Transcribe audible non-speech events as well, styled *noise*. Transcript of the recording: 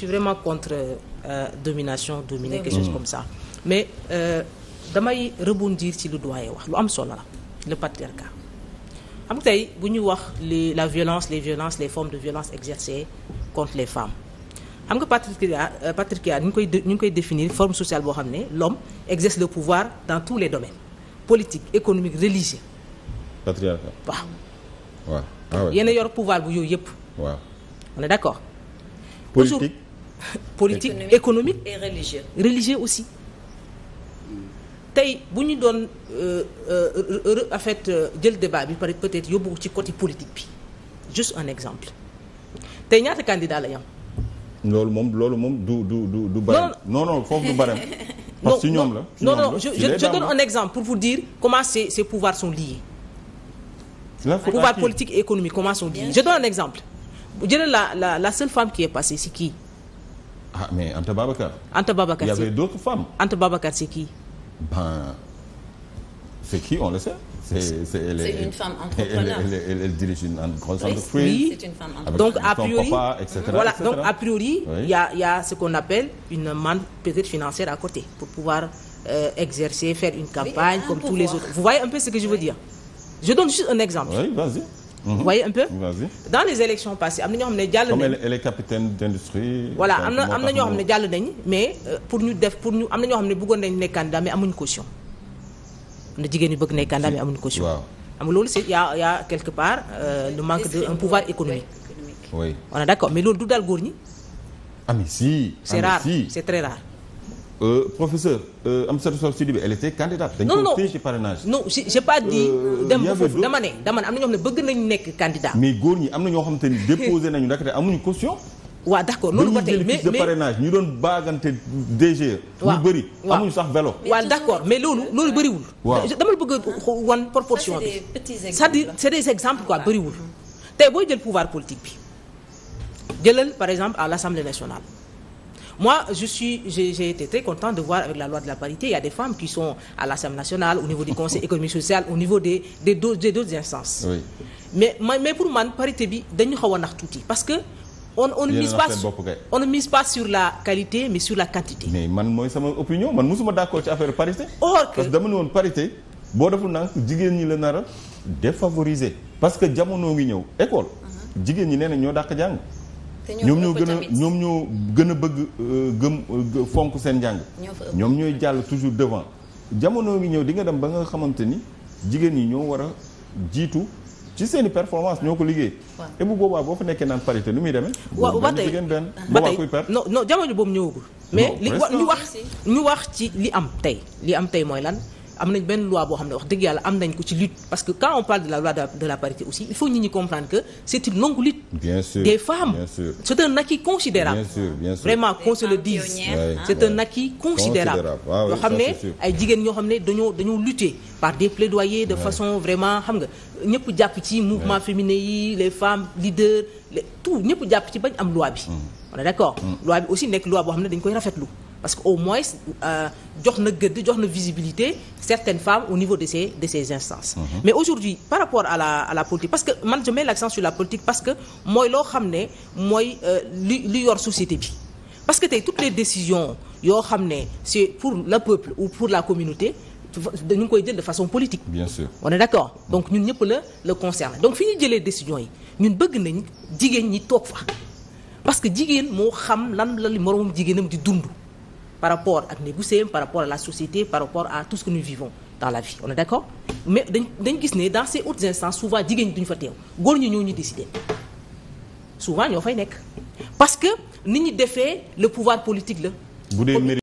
je vraiment contre euh, domination dominer quelque mm. chose comme ça mais euh, damay rebondir ci lu doyen wax lu am solo la le patriarcat xam nga tey bu ñuy wax les la violence les violences les formes de violence exercées contre les femmes xam nga patriarcat euh, patriarcat ñu ngi koy ñu ngi koy définir forme sociale boo xam ne l'homme exerce le pouvoir dans tous les domaines politique économique religieux. patriarcat waaw. Ah yor pouvoir bu yooyu yëpp. waaw on est d'accord. Toujours, politique économique et religieux religieux aussi tey bu ñu doon euh, euh, en fait euh, jël débat bi peut être yóbbu ci côté politique bi juste un exemple tey ñaata candidat la yam loolu moom loolu moom du du du du barème non non foofu du barème *laughs* parce ñoom la non non je je donne un exemple pour vous dire comment ces ces pouvoirs sont liés pouvoir politique économique comment sont liés je donne un exemple jëlee la la la seule femme qui est passée c'est qui ah mais Anta Babacar. Anta Babacar si il y avait d'autres femmes. Anta Babacar c'est qui. ben c'est qui on le sait. c'est c'est elle est une femme entrepreneur elle, elle, elle, elle dirige une grosse entreprise. c'est une femme entrepreneur donc a priori papa, etc., voilà etc. donc a priori. il oui. y a il y a ce qu'on appelle une manne peut-être financière à côté pour pouvoir euh, exercer faire une campagne oui, un comme pouvoir. tous les autres vous voyez un peu ce que je veux oui. dire. je donne juste un exemple. oui vas-y. vous mhm. voyez un peu. dans les élections passées am na ñoo xam ne jàll nañ. comme voilà am na am na xam ne jàll nañ mais euh, pour ñu def pour ñu am na ñoo xam ne bëggoon nañ nekk candidat mais amuñ caution am na jigéen yu bëgg nekk candidat mais amuñ caution. waaw am loolu c'est y a quelque part euh, le manque de un pouvoir économique. oui d'accord mais loolu du daal góor ñi. am ah, si ah, c'est rare c'est très rare. Euh, professeur Amsatou Sow Sidibé elle était candidate. dañ ko téye ci parrainage. non non non pas dit. Euh, euh, dem ba foofu dama ne dama ne am na ñoo xam ne bëgg nañu nekk candidat. mais góor ñi am na ñoo xamante ni *laughs* déposé nañu ndaxte amuñu caution. waaw d' accord loolu ba tey mais de parrainage e. amuñu sax vélo. waaw mais loolu loolu bëriwul. waaw dama la bëgg a wan proportion bi. c'est-à-dire c' est des exemples quoi bëriwul. tey booy jël pouvoir politique bi jëlal par exemple à l' assemblée nationale. Moi, je suis, j'ai été très content de voir avec la loi de la parité, il y a des femmes qui sont à l'Assemblée nationale, au niveau du Conseil économique social, au niveau des des d'autres instances. Oui. Mais mais pour man parité bi dañu xaw a nax tuuti parce que. on on ne mise pas sur, la qualité mais sur la quantité. mais man mooy sama opinion man musuma d'accord ci affaire parité. or oh, que parce que dama ne woon parité boo deful nag jigéen ñi la nara a défavoriser parce que jamono ngi ñëw école. Uh-huh. jigéen ñi nee na ñoo dàq jàng. ñoom ñoo gën a ñoom ñoo gën a bëgg euh, gëm euh, fonk seen njàng ñoom ñooy jàll toujours devant jamono ngi ñëw di nga dem ba nga xamante ni jigéen ñi ñoo war a jiitu ci seeni performance ñoo ko liggéey. et bu boobaa boo fa nekkee naan parité nu muy demee. waaw ba tey benn jigéen benn boobaa jamono boobu ñëwagul. mais li wax ñu wax ci li am tey li am tey mooy lan. am nañ benn loi boo xam ne wax dëgg yàlla am nañ ko ci lutte parce que quand on parle de la loi de la parité aussi il faut nit ñi comprendre que c'est une longue lutte un acquis considérable bien sûr, c'est un acquis considérable yoo xam ne ay jigéen ñoo xam ne dañoo dañoo lutter par des plaidoyers de ouais. façon vraiment xam nga ñëpp jàpp ci mouvement féminin yi les femmes leaders les tout ñëpp jàpp ci bañ am loi bi mm. on est d'accord mm. loi bi aussi nekk loi boo xam ne dañ koy rafetlu parce que au moins euh, jox na gëdd jox na visibilité certaines femmes au niveau de ces de ces instances. Mmh. mais aujourd'hui par rapport à la à la politique parce que man je mets l'accent sur la politique que mooy xam ne mooy euh, li li yor société bi. parce que tey toutes les décisions yoo xam ne c'est pour le peuple ou pour la communauté ñu ngi koy jël de façon politique. bien sûr on est d'accord donc ñun ñëpp la la concerne donc fi ñu jëlee décisions yi ñun bëgg nañ jigéen ñi toog fa parce que jigéen moo xam lan la li moromam di dund. par rapport ak négocier par rapport à la société par rapport à tout ce que nous vivons dans la vie on est d'accord mais dañ dañ gis ne dans ces hautes instances souvent jigéen ñi duñu fa teew góor ñi ñoo ñu décider souvent ñoo fay nekk parce que nit ñi defee le pouvoir politique la